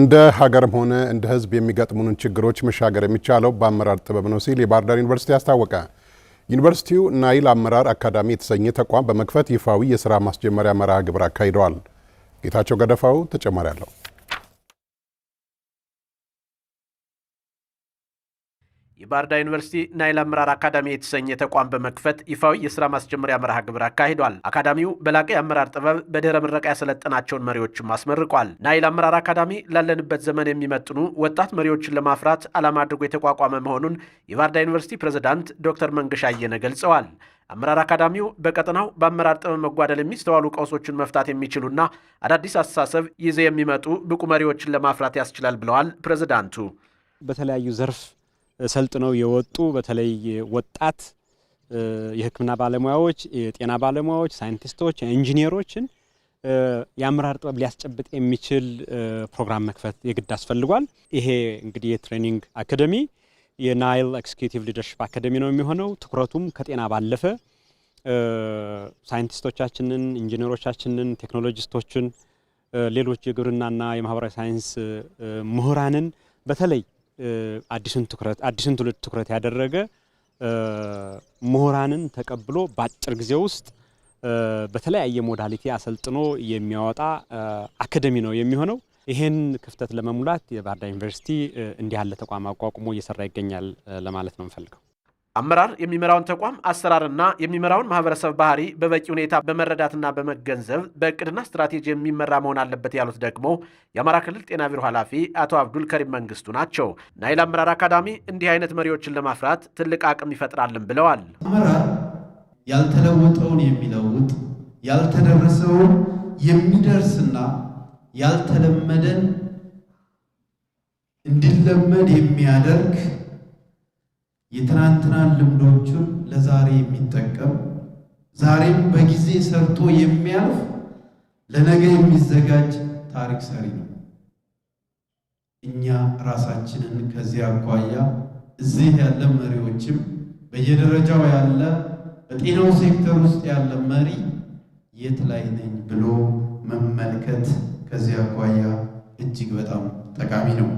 እንደ ሀገርም ሆነ እንደ ሕዝብ የሚገጥሙንን ችግሮች መሻገር የሚቻለው በአመራር ጥበብ ነው ሲል የባህር ዳር ዩኒቨርሲቲ አስታወቀ። ዩኒቨርሲቲው ናይል አመራር አካዳሚ የተሰኘ ተቋም በመክፈት ይፋዊ የስራ ማስጀመሪያ መርሃ ግብር አካሂደዋል። ጌታቸው ገደፋው ተጨማሪ አለው። የባህር ዳር ዩኒቨርሲቲ ናይል አመራር አካዳሚ የተሰኘ ተቋም በመክፈት ይፋዊ የስራ ማስጀመሪያ መርሃ ግብር አካሂዷል። አካዳሚው በላቀ የአመራር ጥበብ በድህረ ምረቃ ያሰለጠናቸውን መሪዎችም አስመርቋል። ናይል አመራር አካዳሚ ላለንበት ዘመን የሚመጥኑ ወጣት መሪዎችን ለማፍራት ዓላማ አድርጎ የተቋቋመ መሆኑን የባህር ዳር ዩኒቨርሲቲ ፕሬዝዳንት ዶክተር መንገሻ አየነ ገልጸዋል። አመራር አካዳሚው በቀጠናው በአመራር ጥበብ መጓደል የሚስተዋሉ ቀውሶችን መፍታት የሚችሉና አዳዲስ አስተሳሰብ ይዘው የሚመጡ ብቁ መሪዎችን ለማፍራት ያስችላል ብለዋል ፕሬዝዳንቱ በተለያዩ ዘርፍ ሰልጥነው የወጡ በተለይ ወጣት የሕክምና ባለሙያዎች፣ የጤና ባለሙያዎች፣ ሳይንቲስቶች፣ ኢንጂኒየሮችን የአመራር ጥበብ ሊያስጨብጥ የሚችል ፕሮግራም መክፈት የግድ አስፈልጓል። ይሄ እንግዲህ የትሬኒንግ አካደሚ የናይል ኤክስኪዩቲቭ ሊደርሽፕ አካደሚ ነው የሚሆነው። ትኩረቱም ከጤና ባለፈ ሳይንቲስቶቻችንን፣ ኢንጂነሮቻችንን፣ ቴክኖሎጂስቶችን፣ ሌሎች የግብርናና የማህበራዊ ሳይንስ ምሁራንን በተለይ አዲሱን ትኩረት አዲሱን ትውልድ ትኩረት ያደረገ ምሁራንን ተቀብሎ በአጭር ጊዜ ውስጥ በተለያየ ሞዳሊቲ አሰልጥኖ የሚያወጣ አካደሚ ነው የሚሆነው። ይህን ክፍተት ለመሙላት የባህር ዳር ዩኒቨርሲቲ እንዲህ ያለ ተቋም አቋቁሞ እየሰራ ይገኛል ለማለት ነው የምፈልገው። አመራር የሚመራውን ተቋም አሰራርና የሚመራውን ማህበረሰብ ባህሪ በበቂ ሁኔታ በመረዳትና በመገንዘብ በእቅድና ስትራቴጂ የሚመራ መሆን አለበት ያሉት ደግሞ የአማራ ክልል ጤና ቢሮ ኃላፊ አቶ አብዱል ከሪም መንግስቱ ናቸው። ናይል አመራር አካዳሚ እንዲህ አይነት መሪዎችን ለማፍራት ትልቅ አቅም ይፈጥራልን ብለዋል። አመራር ያልተለወጠውን የሚለውጥ ያልተደረሰውን የሚደርስና ያልተለመደን እንዲለመድ የሚያደርግ የትናንትናን ልምዶቹን ለዛሬ የሚጠቀም ዛሬም በጊዜ ሰርቶ የሚያልፍ ለነገ የሚዘጋጅ ታሪክ ሰሪ ነው። እኛ ራሳችንን ከዚህ አኳያ እዚህ ያለ መሪዎችም በየደረጃው ያለ በጤናው ሴክተር ውስጥ ያለ መሪ የት ላይ ነኝ ብሎ መመልከት ከዚህ አኳያ እጅግ በጣም ጠቃሚ ነው።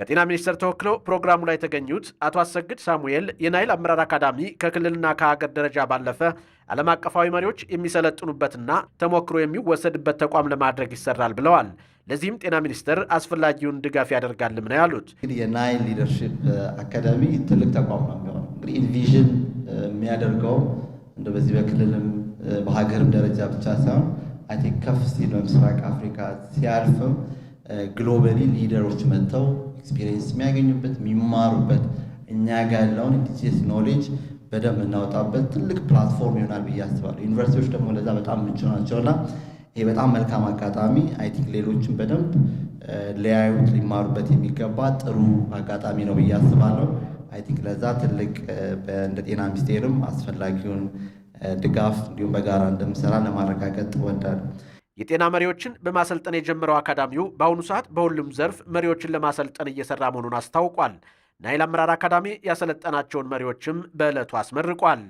ከጤና ሚኒስቴር ተወክለው ፕሮግራሙ ላይ የተገኙት አቶ አሰግድ ሳሙኤል የናይል አመራር አካዳሚ ከክልልና ከሀገር ደረጃ ባለፈ ዓለም አቀፋዊ መሪዎች የሚሰለጥኑበትና ተሞክሮ የሚወሰድበት ተቋም ለማድረግ ይሰራል ብለዋል። ለዚህም ጤና ሚኒስቴር አስፈላጊውን ድጋፍ ያደርጋልም ነው ያሉት። የናይል ሊደርሽፕ አካዳሚ ትልቅ ተቋም ነው የሚሆነው። እንግዲህ ኢንቪዥን የሚያደርገው እንደ በዚህ በክልልም በሀገርም ደረጃ ብቻ ሳይሆን አይ ቲንክ ከፍ ሲል በምስራቅ አፍሪካ ሲያልፍም ግሎባሊ ሊደሮች መጥተው ኤክስፒሪየንስ የሚያገኙበት የሚማሩበት፣ እኛ ጋር ያለውን ኖሌጅ በደንብ እናወጣበት ትልቅ ፕላትፎርም ይሆናል ብዬ አስባለሁ። ዩኒቨርሲቲዎች ደግሞ ለዛ በጣም ምቹ ናቸውና ይሄ በጣም መልካም አጋጣሚ አይ ቲንክ ሌሎችን በደንብ ሊያዩት ሊማሩበት የሚገባ ጥሩ አጋጣሚ ነው ብዬ አስባለሁ። አይ ቲንክ ለዛ ትልቅ እንደ ጤና ሚኒስቴርም አስፈላጊውን ድጋፍ እንዲሁም በጋራ እንደምሰራ ለማረጋገጥ እወዳለሁ። የጤና መሪዎችን በማሰልጠን የጀመረው አካዳሚው በአሁኑ ሰዓት በሁሉም ዘርፍ መሪዎችን ለማሰልጠን እየሰራ መሆኑን አስታውቋል። ናይል አመራር አካዳሚ ያሰለጠናቸውን መሪዎችም በዕለቱ አስመርቋል።